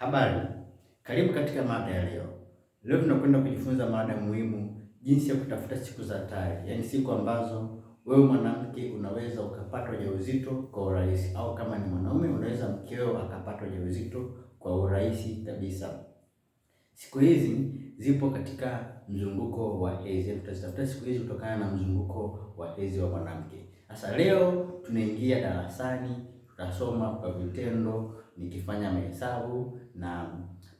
Habari, karibu katika mada ya leo. Leo tunakwenda kujifunza mada muhimu, jinsi ya kutafuta siku za hatari, yaani siku ambazo wewe mwanamke unaweza ukapata ujauzito kwa urahisi, au kama ni mwanaume unaweza mkeo akapata ujauzito kwa urahisi kabisa. Siku hizi zipo katika mzunguko wa hedhi. Yaani tutazitafuta siku hizi kutokana na mzunguko wa hedhi wa mwanamke. Sasa leo tunaingia darasani, tutasoma kwa vitendo nikifanya mahesabu na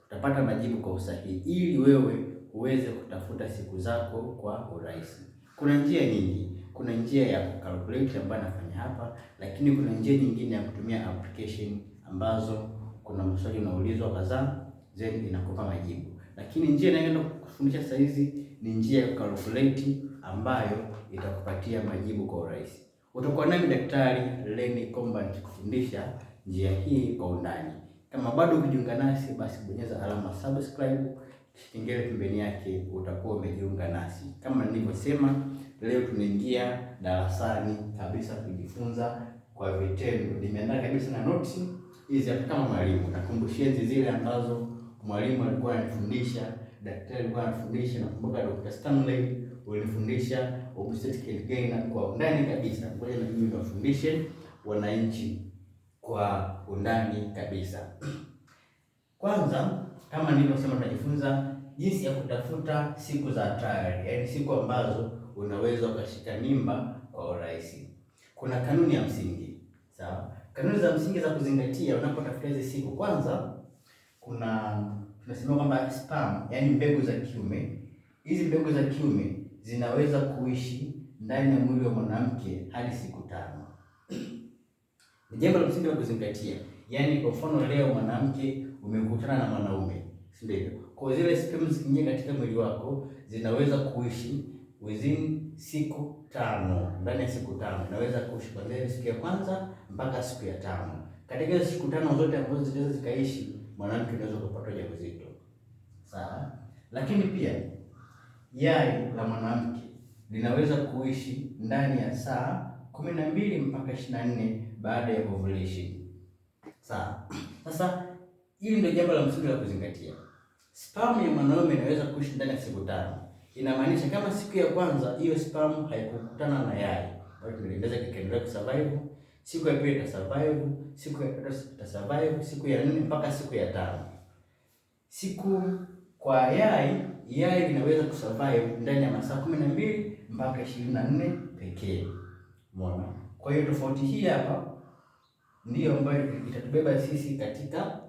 utapata majibu kwa usahihi, ili wewe uweze kutafuta siku zako kwa urahisi. Kuna njia nyingi. Kuna njia ya calculate ambayo nafanya hapa, lakini kuna njia nyingine ya kutumia application ambazo kuna maswali unaulizwa kadhaa, then inakupa majibu. Lakini njia inayoenda kufundisha sasa hizi ni njia ya calculate ambayo itakupatia majibu kwa urahisi. Utakuwa nami Daktari Lenny Komba nikufundisha njia hii kwa undani. Kama bado hujiunga nasi, basi bonyeza alama subscribe, kengele pembeni yake, utakuwa umejiunga nasi. Kama nilivyosema, leo tunaingia darasani kabisa kujifunza kwa vitendo. Nimeandaa kabisa na notes hizi hapa kama mwalimu, nakumbushia enzi zile ambazo mwalimu alikuwa anafundisha, daktari alikuwa anafundisha, na kumbuka Dr. Stanley walifundisha obstetrics and gynecology kwa undani kabisa. Ngoja na mimi niwafundishe wananchi kwa undani kabisa. Kwanza, kama nilivyosema, tunajifunza jinsi ya kutafuta siku za hatari, yaani siku ambazo unaweza ukashika mimba kwa urahisi. Kuna kanuni ya msingi sawa, kanuni za msingi za kuzingatia unapotafuta hizi siku. Kwanza kuna tunasema kwamba sperm, yaani mbegu za kiume. Hizi mbegu za kiume zinaweza kuishi ndani ya mwili wa mwanamke hadi siku tano. Ni jambo la msingi la kuzingatia. Yaani kwa mfano leo mwanamke umekutana na mwanaume, si ndio? Kwa zile sperm zikiingia katika mwili wako zinaweza kuishi within siku tano, ndani ya siku tano inaweza kuishi kuanzia siku ya kwanza mpaka siku ya tano. Katika hizo siku tano zote ambazo zinaweza zikaishi, mwanamke anaweza kupata ujauzito. Sawa? Lakini pia yai la mwanamke linaweza kuishi ndani ya saa 12 mpaka 24 baada ya ovulation. Sawa. Sasa hili ndio jambo la msingi la kuzingatia. Sperm ya mwanaume inaweza kuishi ndani ya siku tano. Inamaanisha kama siku ya kwanza hiyo sperm haikukutana na yai, bali tunaeleza kikaendelea kusurvive, siku ya pili itasurvive, siku ya tatu itasurvive, siku ya nne mpaka siku ya tano. Siku kwa yai, yai linaweza kusurvive ndani ya masaa 12 mpaka 24 pekee. Umeona? Kwa hiyo tofauti hii hapa ndiyo ambayo itatubeba sisi katika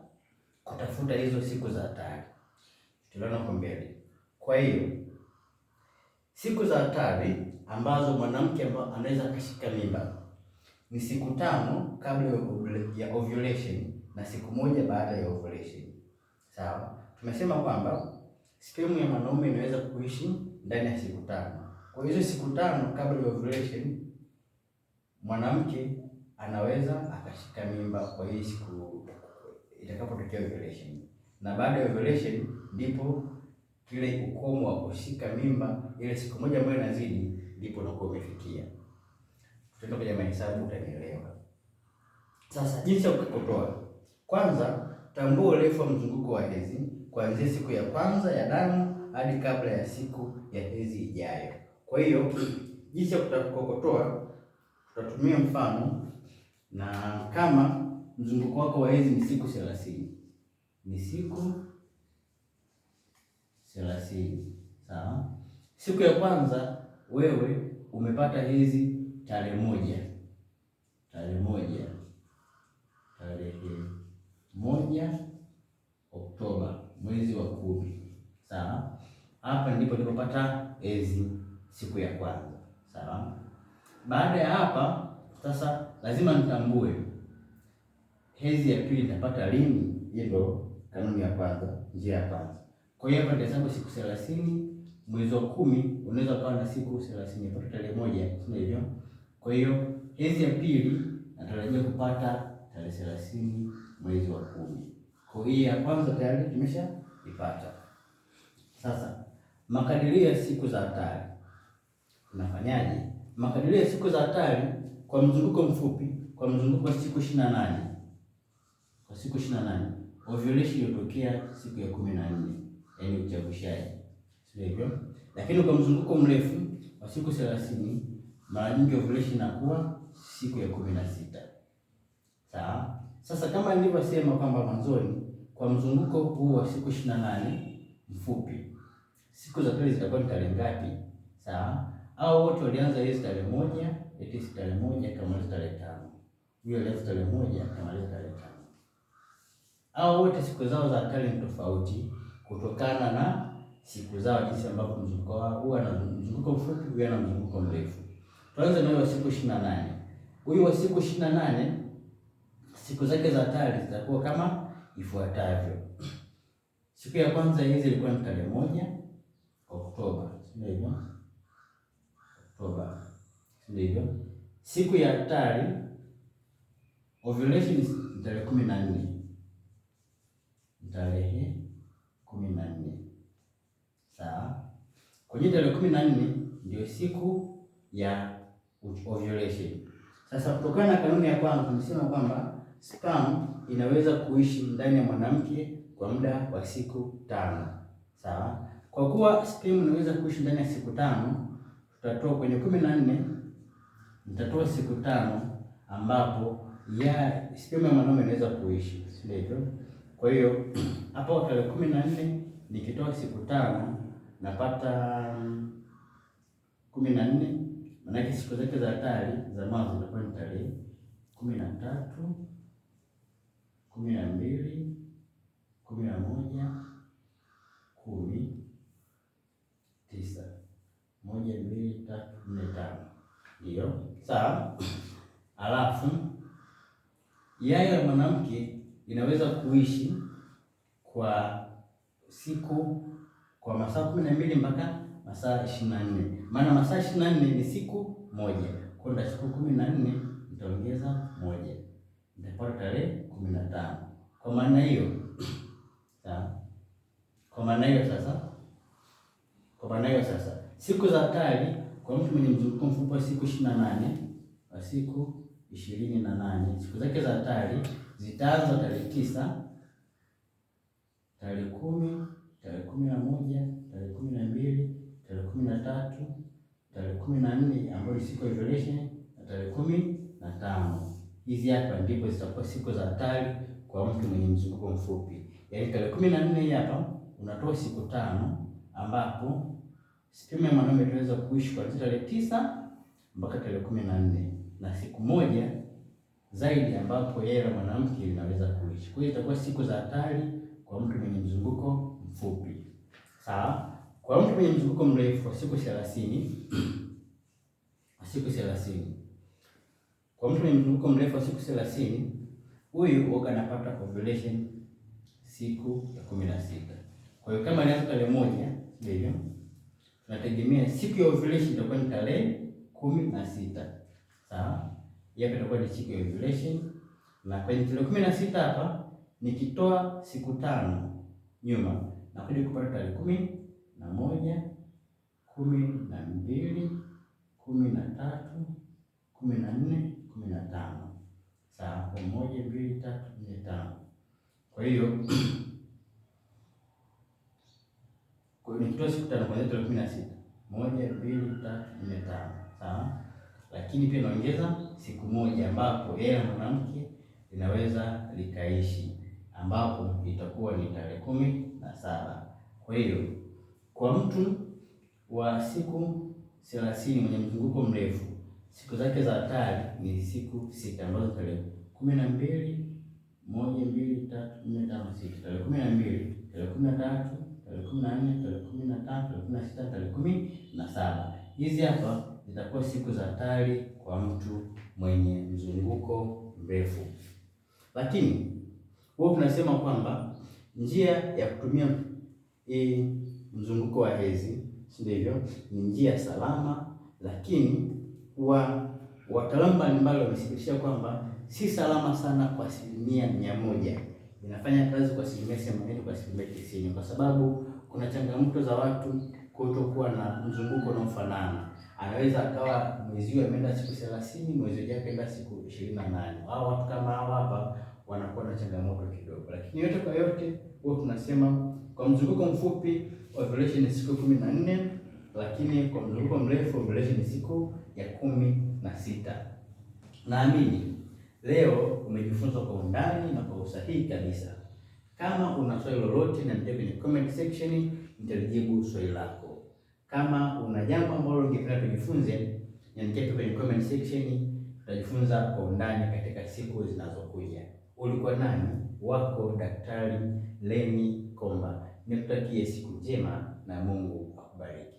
kutafuta hizo siku za hatari. Tuliona kwa mbele. Kwa hiyo siku za hatari ambazo mwanamke anaweza akashika mimba ni siku tano kabla ya ovulation na siku moja baada ya ovulation. Sawa? Tumesema kwamba sperm ya mwanaume inaweza kuishi ndani ya siku tano. Kwa hizo siku tano kabla ya ovulation mwanamke anaweza akashika mimba kwa hii siku itakapotokea ovulation, na baada ya ovulation ndipo kile ukomo wa kushika mimba ile siku moja ambayo inazidi ndipo unakuwa umefikia. Tutaenda kwenye mahesabu utanielewa. Sasa jinsi ya kukokotoa, kwanza tambua urefu wa mzunguko wa hedhi kuanzia siku ya kwanza ya damu hadi kabla ya siku ya hedhi ijayo. Kwa hiyo jinsi ya kukokotoa tutatumia mfano na kama mzunguko wako wa hedhi ni siku thelathini ni siku thelathini sawa. Siku ya kwanza wewe umepata hedhi tarehe moja tarehe moja tarehe moja Oktoba mwezi wa kumi sawa. Hapa ndipo nilipopata hedhi siku ya kwanza sawa. Baada ya hapa sasa lazima nitambue hedhi ya pili nitapata lini. Hiyo ndo kanuni ya kwanza, njia ya kwanza. Kwa hiyo hapa nitahesabu siku 30 mwezi wa kumi, unaweza kuwa na siku 30 mpaka tarehe moja, sio hivyo? Kwa hiyo hedhi ya pili natarajia kupata tarehe 30 mwezi wa kumi. Kwa hiyo ya kwanza tayari tumesha ipata. Sasa makadirio ya siku za hatari unafanyaje? Makadirio ya siku za hatari kwa mzunguko mfupi, kwa mzunguko wa siku 28, kwa siku 28 ovulation iliyotokea siku ya 14, yaani uchavushaji, sio hivyo? Lakini kwa mzunguko mrefu wa siku 30, mara nyingi ovulation inakuwa siku ya 16. Sawa? Sasa kama nilivyosema kwamba mwanzoni, kwa mzunguko huu wa siku 28 mfupi, siku za pili zitakuwa ni tarehe ngapi? Sawa? Au wote walianza hizi tarehe moja Letisi tarehe moja kamaliza tarehe tano, huyo Letisi tarehe moja kamaliza tarehe tano. Hao wote siku zao za hatari ni tofauti kutokana na siku zao jinsi ambavyo mzunguko wao huwa na mzunguko mfupi, huwa na mzunguko mrefu. Tuanze nayo siku 28. Huyu wa siku 28 siku zake za hatari zitakuwa kama ifuatavyo. Siku ya kwanza hizi ilikuwa ni tarehe moja Oktoba, sio hivyo? Oktoba ndivyo. Siku ya hatari ovulation ni tarehe kumi na nne tarehe kumi na nne sawa. Kwenye tarehe kumi na nne ndio siku ya ovulation. Sasa kutokana na kanuni ya kwanza tumesema kwamba sperm inaweza kuishi ndani ya mwanamke kwa muda wa siku tano sawa. Kwa kuwa sperm inaweza kuishi ndani ya siku tano tutatoa kwenye kumi na nne nitatoa siku tano ambapo ya sperm ya mwanaume inaweza kuishi, si Kwa hiyo hapo tarehe kumi na nne nikitoa siku tano napata kumi na nne maanake siku zake za hatari za mwanzo zinakuwa ni tarehe kumi na tatu kumi na mbili kumi na moja kumi tisa moja mbili tatu nne tano ndio, sawa. Alafu yai la mwanamke inaweza kuishi kwa siku kwa masaa kumi na mbili mpaka masaa ishirini na nne maana masaa ishirini na nne ni siku moja, kwa ndio siku kumi na nne nitaongeza moja, nitapata tarehe kumi na tano. Kwa maana hiyo sawa. Kwa maana hiyo sasa, kwa maana hiyo sasa siku za tari kwa mtu mwenye mzunguko mfupi siku ishirini na nane wa siku ishirini na nane siku zake za hatari zitaanza tarehe tisa tarehe kumi tarehe kumi na moja tarehe kumi na mbili tarehe kumi na tatu tarehe kumi na nne ambayo ni siku ya ovulation na tarehe kumi na tano Hizi hapa ndipo zitakuwa siku za hatari kwa mtu mwenye mzunguko mfupi. Yaani tarehe kumi na nne hapa unatoa siku tano ambapo Sistemu ya mwanaume tunaweza kuishi kuanzia tarehe tisa mpaka tarehe kumi na nne na siku moja zaidi ambapo yeye na mwanamke inaweza kuishi. Kwa hiyo itakuwa siku za hatari kwa mtu mwenye mzunguko mfupi. Sawa? Kwa mtu mwenye mzunguko mrefu wa siku 30 siku 30. Kwa mtu mwenye mzunguko mrefu wa siku 30 huyu huwa anapata ovulation siku ya 16. Kwa hiyo kama alianza tarehe moja, ndio tunategemea siku ya ovulation itakuwa ni tarehe kumi na sita sawa. Hapa itakuwa ni siku ya ovulation, na kwenye tarehe kumi na sita hapa nikitoa siku tano nyuma na kuja kupata tarehe kumi na moja kumi na mbili kumi na tatu kumi na nne kumi na tano sawa, moja mbili tatu nne tano. Kwa hiyo nimetoa siku tano kwanza tarehe kumi na sita moja mbili tatu nne tano sawa, lakini pia naongeza siku moja ambapo yeye na mwanamke linaweza likaishi ambapo itakuwa ni tarehe kumi na saba. Kwa hiyo kwa mtu wa siku thelathini mwenye mzunguko mrefu siku zake za hatari ni siku sita ambazo tarehe kumi na mbili moja mbili tatu nne tano sita tarehe kumi na mbili tarehe kumi na tatu tarehe kumi na nne, tarehe kumi na tano, tarehe kumi na sita, tarehe kumi na saba. Hizi hapa zitakuwa siku za hatari kwa mtu mwenye mzunguko mrefu, lakini huwa tunasema kwamba njia ya kutumia e, mzunguko wa hedhi, si ndivyo? Ni njia salama, lakini wa wataalamu mbalimbali wamethibitisha kwamba si salama sana kwa asilimia mia moja inafanya kazi kwa asilimia themanini kwa asilimia tisini kwa sababu kuna changamoto za watu kutokuwa na mzunguko unaofanana. Anaweza akawa mwezi huu ameenda siku thelathini, mwezi ujao akaenda siku ishirini na nane. Hao watu kama hao hapa wanakuwa na changamoto kidogo, lakini yote kwa yote huwa tunasema kwa mzunguko mfupi ovulation ni siku kumi na nne, lakini kwa mzunguko mrefu ovulation ni siku ya kumi na sita. Naamini Leo umejifunza kwa undani na kwa usahihi kabisa. Kama una swali lolote, niandikie kwenye comment section, nitalijibu swali lako. Kama una jambo ambalo ungependa tujifunze, niandikie kwenye comment section, tutajifunza kwa undani katika siku zinazokuja. Ulikuwa nani wako Daktari Lenny Komba, nikutakie siku njema na Mungu akubariki.